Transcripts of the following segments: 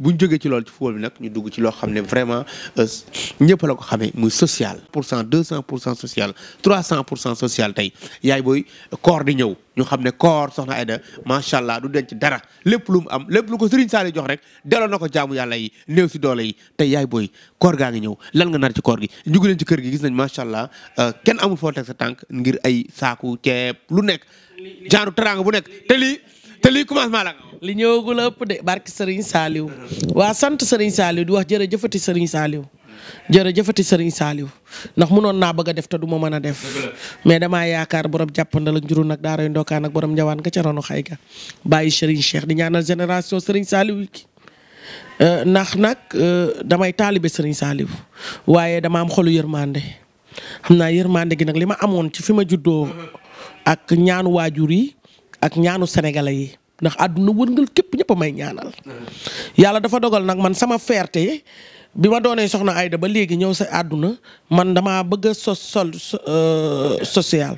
bu ñu jógee ci loolu ci football bi nag ñu dugg ci loo xam ne vraiment euh, ñëpp la ko xamee muy social. pour cent deux cent pour cent social trois cent pour cent social tey yaay booy koor di ñëw ñu xam ne koor soxna Aida macha allah du denc dara lépp lu mu am lépp lu ko Serigne Saliou jox rek delloo na ko jaamu yàlla yi néew si doole yi tey yaay booy koor gaa ngi ñëw lan nga nar ci koor gi. ñu ngi leen ci kër gi gis nañ macha allah euh, kenn amul foo teg sa tànk ngir ay saaku ceeb lu nekk. genre teraanga bu nekk te te lii la. li ñëwagul la ëpp de barki Serigne Saliou waa sant Serigne Saliou di wax jër jërëjëfati Serigne Saliou jërëjëfati Serigne Saliou ndax munoon naa bëgg a def te du ma mën a def. mais damaa yaakaar borom jàppandal ak njuru nag daaray ndokaan ak borom njawaan nga ca xay ga bàyyi Serigne Cheikh di ñaanal génération Serigne Saliou ki euh, ndax nag euh, damay taalibe Serigne Saliou waaye dama am xolu yërmande xam naa yërmande gi nag li ma amoon ci fi ma juddoo ak ñaanu waajur yi. ak ñaanu sénégalais yi ndax àdduna wërngal képp ñëpp may ñaanal. yàlla dafa dogal nag man sama fierté bi ma doonee soxna Aida ba léegi ñëw sa àdduna man damaa bëgg a sos sol euh, social.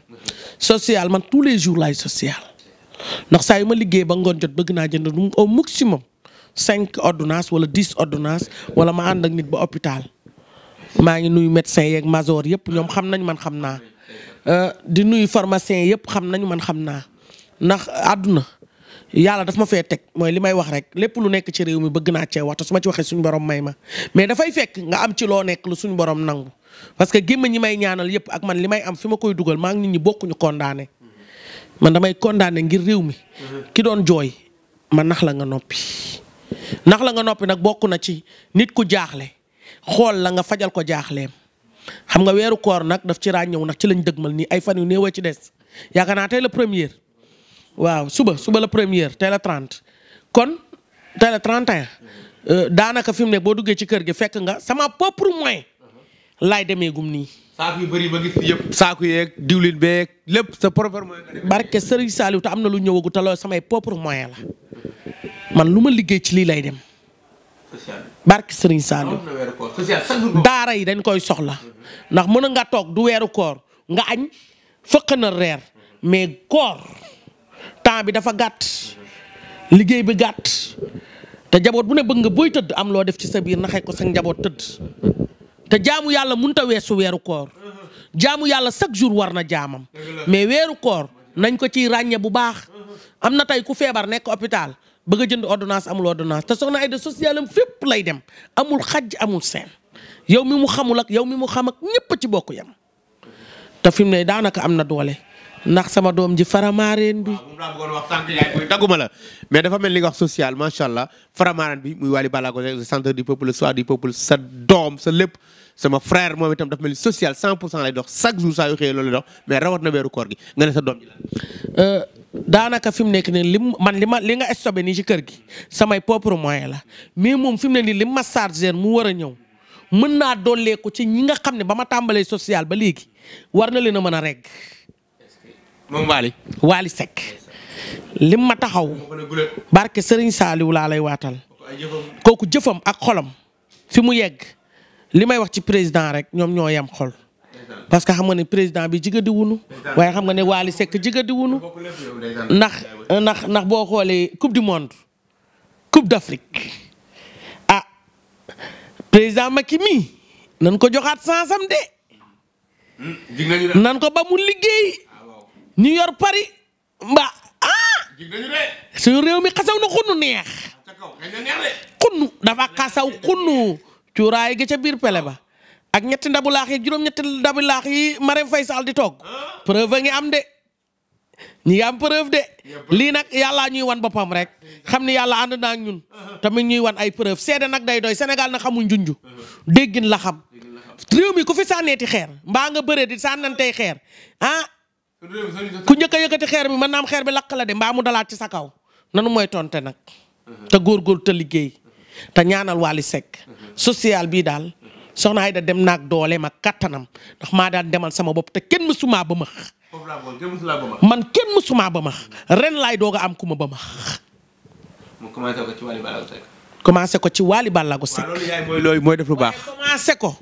sociale man tous les jours laay social ndax saa yu ma liggéey ba ngoon jot bëgg naa jënd au maximum cinq ordonnances wala dix ordonnances wala ma ànd ak nit ba hôpital. maa ngi nuyu médecin yeeg major yëpp ñoom xam nañ man xam naa euh, di nuyu pharmacien yëpp xam nañu man xam naa ndax àdduna yàlla daf ma fee teg mooy li may wax rek lépp lu nekk ci réew mi bëgg naa cee wax suma ci waxee suñu borom may ma mais dafay fekk nga am ci loo nekk lu suñu borom nangu parce que gémma ñi may ñaanal yëpp ak man li may am fi ma koy dugal maa ngi nit ñi bokkuñu condamné man damay condamné ngir réew mi ki doon jooy ma nax la nga noppi nax la nga noppi nag bokk na ci nit ku jaaxle xool la nga fajal ko jaaxleem xam nga weeru koor nag daf ci ñëw ndax ci lañ dëgmal nii ay fan yu néew ci des yaakaar naa tey la première waaw suba suba la première tey la kon tey la 31 daanaka fi mu ne boo duggee ci kër gi fekk nga sama propre moyen laay demee gum nii. saako yu bëri ba yeeg diwlin beeg lépp sa propre moyen. Serigne Saliou am na lu ñëwagu te samay propre la man lu ma liggéey ci lii lay dem. barke Serigne Saliou. daara yi dañ koy soxla. ndax mën nga toog du weeru koor nga añ fëq na reer mais koor. temps bi dafa gàtt liggéey bi gàtt te jaboot bu ne bëgg nga booy tëdd am loo def ci sa biir naxee ko sa njaboot tëdd te jaamu yàlla mun a weesu weeru koor jaamu yàlla chaque jour war na jaamam mais weeru koor nañ ko ci ràññee bu baax am na tey ku feebar nekk hôpital bëgg a jënd ordinance amul ordonnance te soxna ay de social fépp lay dem amul xaj amul seen yow mi mu xamul ak yow mi mu xam ak ñëpp ci bokk yam te fi mu ne daanaka am na doole. ndax sama doom ji faramaareen bi. dagguma la mais dafa mel ni nga wax sociale macha allah faramaareen bi muy Wally Ballago le centre du peuple le soir du peuple sa doom sa lépp sama frère moom itam daf mel ni social 100 pour cent lay dox chaque jour saa yu xëyee loolu lay dox mais rawat na koor ne sa doom ji euh, daanaka fi mu nekk nii lim man li ma li nga stocké nii ci kër gi samay propre moyen la mais moom fi mu ne nii lim ma chargé mu war a ñëw mën naa dolleeku ci ñi nga xam ne ba ma tàmbalee social ba léegi war na leen a mën a regg. moom Waly Waly Seck lim ma taxaw barke Serigne Saliou laa lay waatal kooku jëfam ak xolam fi mu yegg li may wax ci président rek ñoom ñoo yam xol parce que xam nga ne président bi jigadi wunu waaye xam nga ne waali sekk jigadi wunu ndax ndax ndax boo xoolee coupe du monde coupe d'Afrique ah président Macky mi nan ko joxaat sansam de hmm, nan ko ba mu liggéey ñu yor Paris mbaa ah. suñu réew mi xasaw na xunnu neex. xunnu dafa xasaw xunnu cuuraay gi ca biir pele ba. ak ñetti ndabu laax yi juróom-ñetti ndabu laax yi Marème Faye Sall di toog preuve am de ñi ngi am preuve de lii nag yàllaa ñuy wan boppam rek xam ni yàlla ànd naa ñun uh-huh. tamit ñuy wan ay preuve seede nag day doy Sénégal na xamuñ junju uh-huh. déggin la xam mi ku fi sànneeti xeer mbaa nga bëree di sànnantey xeer ah ku njëkk a yëkkati xeer bi mën naa xeer bi lakk la de mbaa mu dalaat ci sa kaw nanu mooy tonte nag te góorgóorlu te liggéey te ñaanal Wally Seck social bii daal soxna ay Aida dem naag doole ma kàttanam ndax maa daal demal sama bopp te kenn mësumaa ba max man kenn mësumaa ba max ren laay doog a am ku ma ba max mu commencé ko ci Wally ba Seck commencé mooy looy mooy def lu baax commencé ko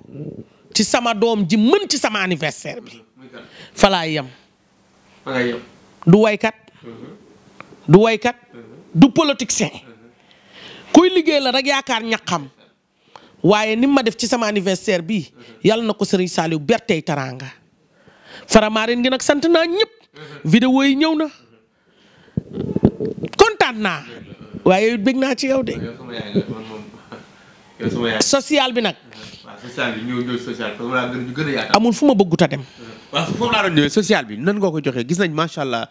ci sama doom ji mën ci sama anniversaire bi fa laay yem du waykat mm-hmm. du waykat mm-hmm. du politicien mm-hmm. kuy liggéey la rek yaakaar ñaqam waaye ni ma def ci sama anniversaire bi yàlla na ko sëriñ Saliou bertey teraanga faramaareen gi nag sant naa ñëpp video yi ñëw na kontaan naa waaye bëgg naa ci yow de social bi nag amul fu ma bëgguta dem waaw social bi nan nga ko joxee gis nañ macha allah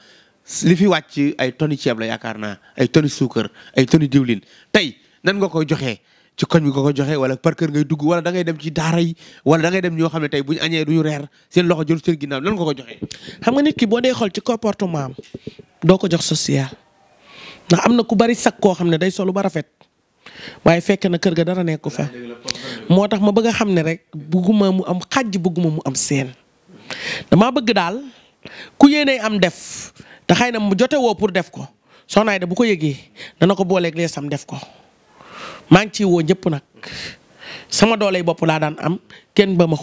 li fi ci ay toni ceeb la yaakaar naa ay toni suukar ay toni diwlin tey nan nga ko joxe ci koñ bi nga ko joxe wala par kër ngay dugg wala da ngay dem ci daara yi wala da ngay dem ñoo xam ne tey bu ñu añee du ñu reer seen loxo jël seen ginnaaw nan nga ko joxee xam nga nit ki boo dee xool ci comportement doo ko jox social ndax am na ku bari sax koo xam ne day solu ba rafet waaye fekk na kër ga dara nekku fa moo tax ma bëgg a xam ne rek bugguma mu am xàjj bugguma mu am seen damaa bëgg daal ku yéenee am def te xëy na mu jote woo pour def ko soxna Aida bu ko yëgee dana ko booleeg sam def ko maa ngi ciy woo ñëpp nag sama doole bopp laa daan am kenn ba ma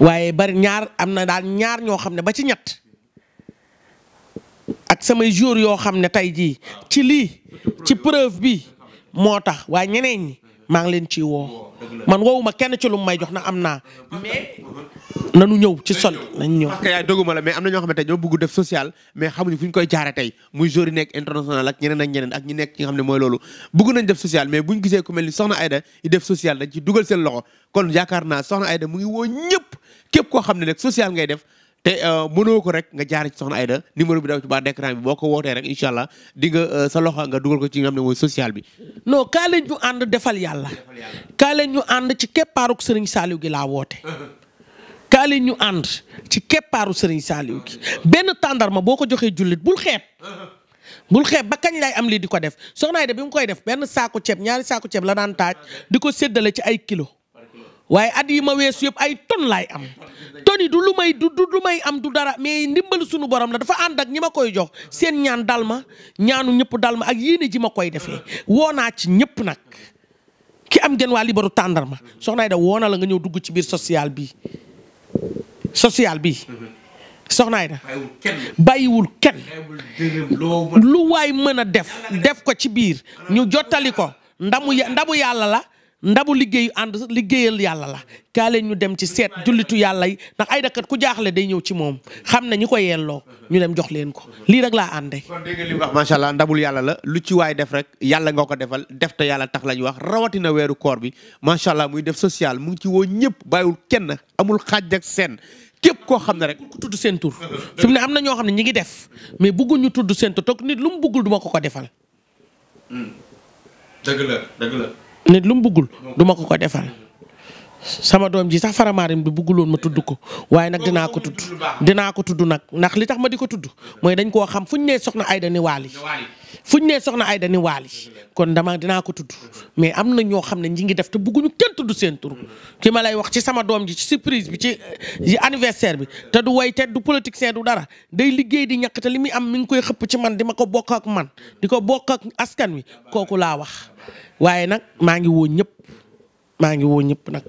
waaye bari ñaar am na daal ñaar ñoo xam ne ba ci ñett ak samay jour yoo xam ne tey jii ci lii ci preuve bi moo tax waaye ñeneen ñi maa ngi leen ciy woo man woowuma kenn ci lu may jox na am naa mais nanu ñëw ci sol nañu ñëw parce que yaay doguma la mais am na ñoo def social mais xamuñu fu ñu koy jaare tey muy jour nekk international ak ñeneen ak ñeneen ak ñi nekk ci nga xam ne mooy loolu bëgg def social mais buñ gisee ku mel ni soxna Aida yi def social dañ ci dugal seen loxo kon yaakaar na soxna Aida mu ngi woo ñëpp képp koo xam ne rek social ngay def te euh, mënoo ko rek nga jaar ci soxna Aida numéro bi daw ci baa d'écran bi boo ko wootee rek incha allah di nga euh, sa loxo nga dugal ko ci nga xam ne mooy social bi no kaa leen ànd defal yàlla kaale leen ñu ànd ci keppaaruk Serigne Saliou gi laa woote kaa ñu ànd ci keppaaru Serigne Saliou gi benn tàndarma boo ko joxee jullit bul xeeb bul xeeb ba kañ lay am lii di ko def soxna Aida bi mu koy def benn saako ceeb ñaari saako ceeb la daan taaj di ko séddale ci ay kilo waaye at yi ma weesu yëpp ay ton laay am ton du lu may du du lu may am du dara mais ndimbal sunu borom la dafa ànd ak ñi ma koy jox seen ñaan dal ma ñaanu ñëpp dal ma ak yéene ji ma koy defee woo naa ci ñëpp nag ki am genn waa libaru tàndarma soxna Ayda woo na la nga ñëw dugg ci biir social bi social bi soxna Ayda bàyyiwul kenn lu waay mën a def def ko ci biir ñu jottali ko ndamu ndamu yàlla la ndabu liggéeyu ànd liggéeyal yàlla la kaa leen ñu dem ci seet jullitu yàlla yi ndax ay dakkat ku jaaxle day ñëw ci moom xam ne ñi ko yelloo ñu dem jox leen ko lii rek laa àndee. kon dégg macha allah ndabul yàlla la lu ci waay def rek yàlla nga ko defal def yàlla tax la ñu wax rawatina weeru koor bi macha allah muy def sociale mu ngi ci woo ñëpp bàyyiwul kenn amul xaaj de seen. képp koo xam ne rek ku tudd seen tur fi mu ne am na ñoo xam ne ñi ngi def mais bëgguñ ñu tudd seen tur toog lu mu bëggul duma ko ko defal hmm. nit lu mu buggul du ko ko defal sama doom ji sax faramaarim bi bugguloon ma tudd ko waaye nag dinaa ko tudd dinaa ko tudd nag ndax li tax ma di ko tudd mooy dañ koo xam fu ñu nee soxna Aida ni Waly fu ñu nee soxna Aida ni Waly kon dama dinaa ko tudd mais am na ñoo xam ne ñi ngi def te bëgguñu kenn tuddu seen tur ki ma lay wax ci sama doom ji ci surprise bi ci anniversaire bi te du way te du politicien du dara day liggéey di ñàkk te li muy am mi ngi koy xëpp ci man di ma ko bokk ak man di ko bokk ak askan wi kooku laa wax waaye nag maa ngi woo ñëpp maa ngi woo ñëpp nag.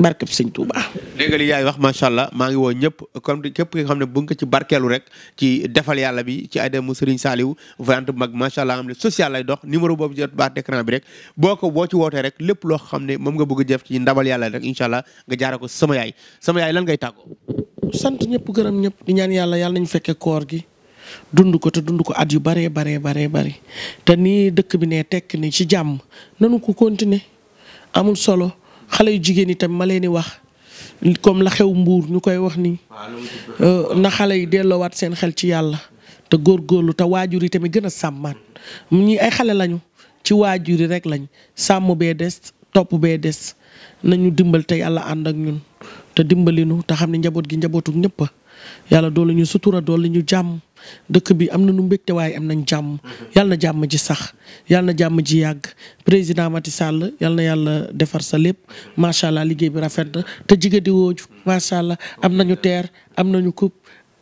barkeb sëñ Touba. dégg nga li yaay wax macha allah maa ngi woo ñëpp comme képp ki nga xam ne bu nga ci barkeelu rek ci defal yàlla bi ci ay demu Serigne Saliou voyante mag macha allah xam ne social lay dox numéro boobu jot baax d'écran bi rek boo ko boo ci wootee rek lépp loo xam ne moom nga bëgg def ci ndabal yàlla rek incha allah nga jaara ko sama yaay sama yaay lan ngay tàggoo. sant ñëpp gërëm ñëpp di ñaan yàlla yàlla nañu fekkee koor gi. dund ko te dund ko at yu baree baree baree bari te nii dëkk bi ne tekk ni ci jàmm nanu ko continuer amul solo xale yu jigéen itam ma leen di wax comme la xew mbuur ñu koy wax ni euh, na xale yi delloowaat seen xel ci yàlla te góor góorlu te waajur yi tamit gën a sàmmaat ñi ay xale lañu ci waajur yi rek lañ sàmm bee des topp bee des na ñu dimbal te yàlla ànd ak ñun te dimbalinu te xam ne njaboot gi njabootu ñëpp yàlla doole ñu sutura doole ñu jàmm dëkk bi am na nu mbégte waaye am nañ jàmm yàlla jàmm ji sax yàlla jàmm ji yàgg président Macky Sall yàlla na yàlla defar sa lépp macha allah liggéey bi rafet na te jigéen di wooju macha allah am na ñu teer am nañu coupe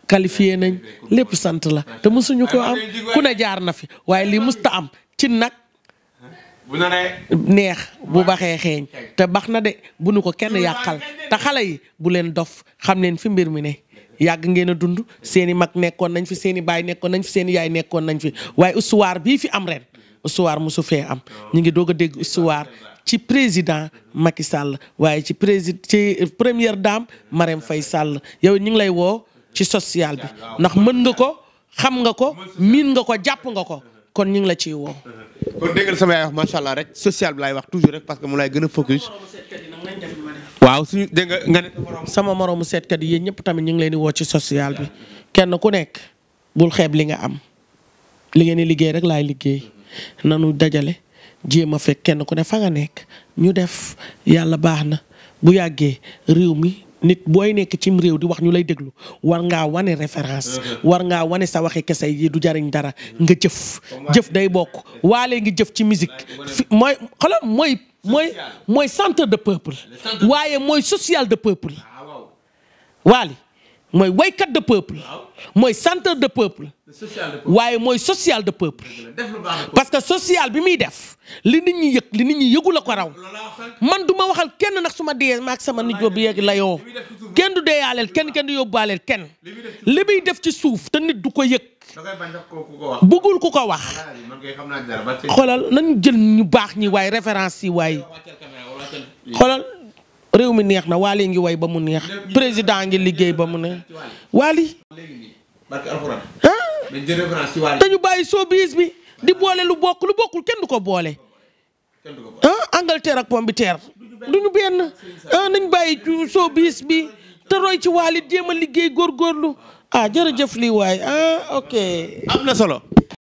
qualifié nañ lépp sant la te mësuñu ko am ku ne jaar na fi waaye lii ta am cin nag neex bu baxee xeeñ te bax na de bu nu ko kenn yàqal te xale yi bu leen dof xam leen fi mbir mi ne. yàgg ngeen a dund seen mag nekkoon nañ fi seeni i baay nekkoon nañ fi seen yaay nekkoon nañ fi waaye histoire bii fi am ren histoire mosu fee am ñu ngi doog a dégg histoire ci président maki sàll waaye ci président ci première dame Marème Faye Sall yow ñu ngi lay woo ci social bi ndax mën nga ko xam nga ko miin nga ko jàpp nga ko kon ñu ngi la ciy woo. kon déggal sama yaay wax social laay wax toujours rek parce que mu lay gën a focus. waaw suñu dégg nga ne sama moromu seetkat yi tamit ñu ngi leen di woo ci social bi kenn ku nekk bul xeeb li nga am li ngeen di liggéey rek laay liggéey nanu dajale jéem a fekk kenn ku ne fa nga nekk ñu def yàlla baax na bu yàggee réew mi. nit booy nekk cim réew di wax ñu lay déglu war ngaa wane référence war ngaa wane sa waxe kese yi du jariñ dara nga jëf jëf day bokk waale ngi jëf ci musique mooy mooy mooy mooy centre de peuple waaye mooy social de peuple waali mooy waykat de peuple mooy centre de peuple waaye mooy social de peuple parce que social bi muy def li nit ñi yëg li nit ñi yëgu ko raw man du ma waxal kenn nag su ma dee maag sama nijoo bi yeeg layoo kenn du deeyaaleel kenn kenn du yóbbaaleel kenn li muy def ci suuf te nit du ko yëg bëggul ku ko wax. xoolal nañ jël ñu baax ñi waay référence yi waaye. xoolal réew mi neex na waale ngi way ba mu neex président ngi liggéey ba mu neex waali. ah dañu bàyyi showbiz bi di boole lu bokk lu bokkul kenn du ko boole. ah Angleterre ak pomme de terre benn ah nañ bàyyi showbiz bi te roy ci waali jéem a liggéey góorgóorlu. ah jërëjëf lii waay ah ok. am solo.